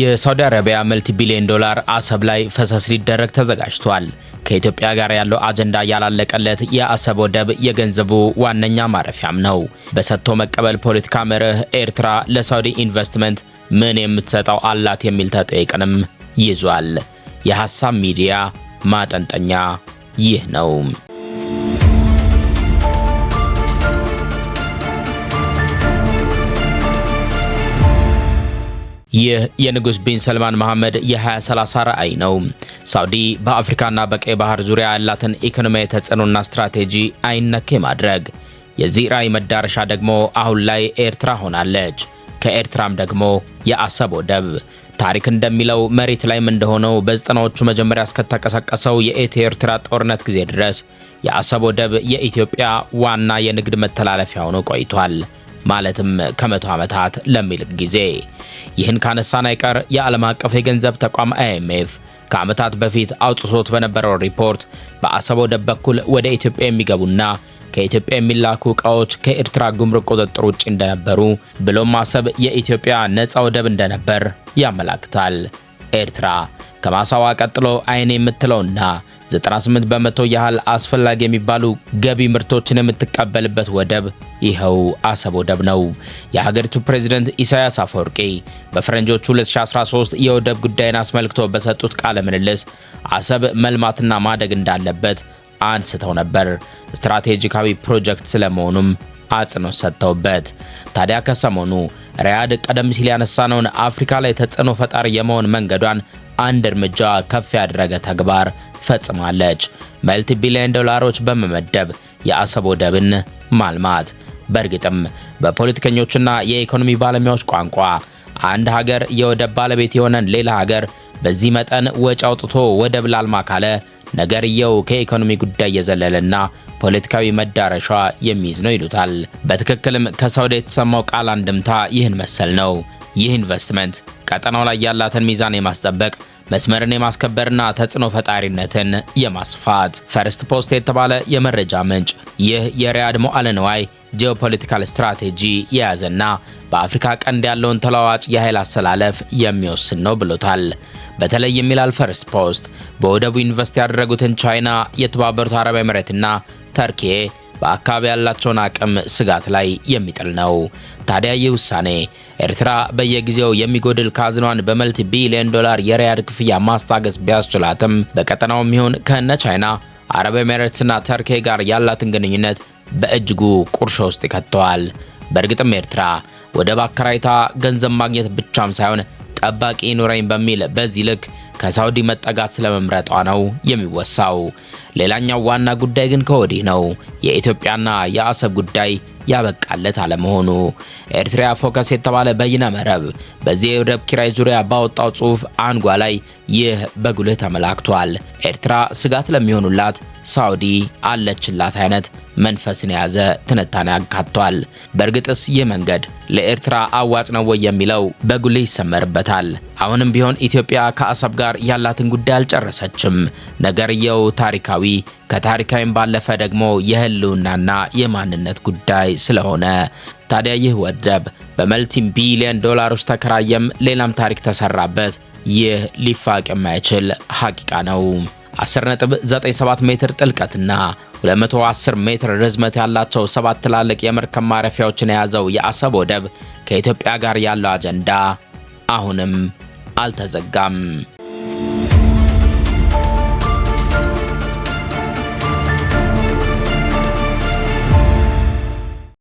የሳውዲ አረቢያ መልቲ ቢሊዮን ዶላር አሰብ ላይ ፈሰስ ሊደረግ ተዘጋጅቷል። ከኢትዮጵያ ጋር ያለው አጀንዳ ያላለቀለት የአሰብ ወደብ የገንዘቡ ዋነኛ ማረፊያም ነው። በሰጥቶ መቀበል ፖለቲካ መርህ ኤርትራ ለሳውዲ ኢንቨስትመንት ምን የምትሰጠው አላት የሚል ተጠይቅንም ይዟል። የሐሳብ ሚዲያ ማጠንጠኛ ይህ ነው። ይህ የንጉስ ቢን ሰልማን መሐመድ የ2030 ራዕይ ነው። ሳውዲ በአፍሪካና በቀይ ባህር ዙሪያ ያላትን ኢኮኖሚያዊ ተጽዕኖና ስትራቴጂ አይነኬ ማድረግ። የዚህ ራዕይ መዳረሻ ደግሞ አሁን ላይ ኤርትራ ሆናለች። ከኤርትራም ደግሞ የአሰብ ወደብ ታሪክ እንደሚለው መሬት ላይም እንደሆነው በዘጠናዎቹ መጀመሪያ እስከተቀሰቀሰው የኢትዮ ኤርትራ ጦርነት ጊዜ ድረስ የአሰብ ወደብ የኢትዮጵያ ዋና የንግድ መተላለፊያ ሆኖ ቆይቷል። ማለትም ከመቶ ዓመታት ለሚልቅ ጊዜ። ይህን ካነሳን አይቀር የዓለም አቀፍ የገንዘብ ተቋም አይኤምኤፍ ከዓመታት በፊት አውጥቶት በነበረው ሪፖርት በአሰብ ወደብ በኩል ወደ ኢትዮጵያ የሚገቡና ከኢትዮጵያ የሚላኩ እቃዎች ከኤርትራ ጉምሩክ ቁጥጥር ውጭ እንደነበሩ ብሎም አሰብ የኢትዮጵያ ነፃ ወደብ እንደነበር ያመላክታል። ኤርትራ ከማሳዋ ቀጥሎ አይን የምትለውና 98 በመቶ ያህል አስፈላጊ የሚባሉ ገቢ ምርቶችን የምትቀበልበት ወደብ ይኸው አሰብ ወደብ ነው። የሀገሪቱ ፕሬዝደንት ኢሳያስ አፈወርቂ በፈረንጆቹ 2013 የወደብ ጉዳይን አስመልክቶ በሰጡት ቃለ ምልልስ አሰብ መልማትና ማደግ እንዳለበት አንስተው ነበር። ስትራቴጂካዊ ፕሮጀክት ስለመሆኑም አጽንኦት ሰጥተውበት ታዲያ ከሰሞኑ ሪያድ ቀደም ሲል ያነሳነውን አፍሪካ ላይ ተጽዕኖ ፈጣሪ የመሆን መንገዷን አንድ እርምጃ ከፍ ያደረገ ተግባር ፈጽማለች። መልቲ ቢሊዮን ዶላሮች በመመደብ የአሰብ ወደብን ማልማት። በእርግጥም በፖለቲከኞችና የኢኮኖሚ ባለሙያዎች ቋንቋ አንድ ሀገር የወደብ ባለቤት የሆነን ሌላ ሀገር በዚህ መጠን ወጪ አውጥቶ ወደብ ላልማ ካለ ነገርየው ከኢኮኖሚ ጉዳይ የዘለለና ፖለቲካዊ መዳረሻ የሚይዝ ነው ይሉታል። በትክክልም ከሳውዲ የተሰማው ቃል አንድምታ ይህን መሰል ነው። ይህ ኢንቨስትመንት ቀጠናው ላይ ያላትን ሚዛን የማስጠበቅ መስመርን የማስከበርና ተጽዕኖ ፈጣሪነትን የማስፋት ፈርስት ፖስት የተባለ የመረጃ ምንጭ ይህ የሪያድ መዋዕለ ንዋይ ጂኦፖለቲካል ስትራቴጂ የያዘና በአፍሪካ ቀንድ ያለውን ተለዋዋጭ የኃይል አሰላለፍ የሚወስን ነው ብሎታል። በተለይም ይላል ፈርስት ፖስት በወደቡ ዩኒቨርስቲ ያደረጉትን ቻይና፣ የተባበሩት አረብ ኤምሬትና ተርኬ በአካባቢ ያላቸውን አቅም ስጋት ላይ የሚጥል ነው። ታዲያ ይህ ውሳኔ ኤርትራ በየጊዜው የሚጎድል ካዝኗን በመልቲ ቢሊዮን ዶላር የሪያድ ክፍያ ማስታገስ ቢያስችላትም በቀጠናውም ይሁን ከነ ቻይና አረብ ኤሜሬትስና ተርኬ ጋር ያላትን ግንኙነት በእጅጉ ቁርሾ ውስጥ ይከተዋል። በእርግጥም ኤርትራ ወደብ አከራይታ ገንዘብ ማግኘት ብቻም ሳይሆን ጠባቂ ኑረኝ በሚል በዚህ ልክ ከሳውዲ መጠጋት ስለመምረጧ ነው የሚወሳው። ሌላኛው ዋና ጉዳይ ግን ከወዲህ ነው የኢትዮጵያና የአሰብ ጉዳይ ያበቃለት አለመሆኑ። ኤርትራ ፎከስ የተባለ በይነ መረብ በዚህ የወደብ ኪራይ ዙሪያ ባወጣው ጽሑፍ አንጓ ላይ ይህ በጉልህ ተመላክቷል። ኤርትራ ስጋት ለሚሆኑላት ሳውዲ አለችላት አይነት መንፈስን የያዘ ትንታኔ አካቷል። በእርግጥስ ይህ መንገድ ለኤርትራ አዋጭ ነው ወይ የሚለው በጉልህ ይሰመርበታል። አሁንም ቢሆን ኢትዮጵያ ከአሰብ ጋር ያላትን ጉዳይ አልጨረሰችም። ነገርየው ታሪካዊ ከታሪካዊም ባለፈ ደግሞ የህልውናና የማንነት ጉዳይ ስለሆነ ታዲያ ይህ ወደብ በመልቲ ቢሊዮን ዶላር ውስጥ ተከራየም፣ ሌላም ታሪክ ተሰራበት። ይህ ሊፋቅ የማይችል ሐቂቃ ነው። 10.97 ሜትር ጥልቀትና 210 ሜትር ርዝመት ያላቸው ሰባት ትላልቅ የመርከብ ማረፊያዎችን የያዘው የአሰብ ወደብ ከኢትዮጵያ ጋር ያለው አጀንዳ አሁንም አልተዘጋም።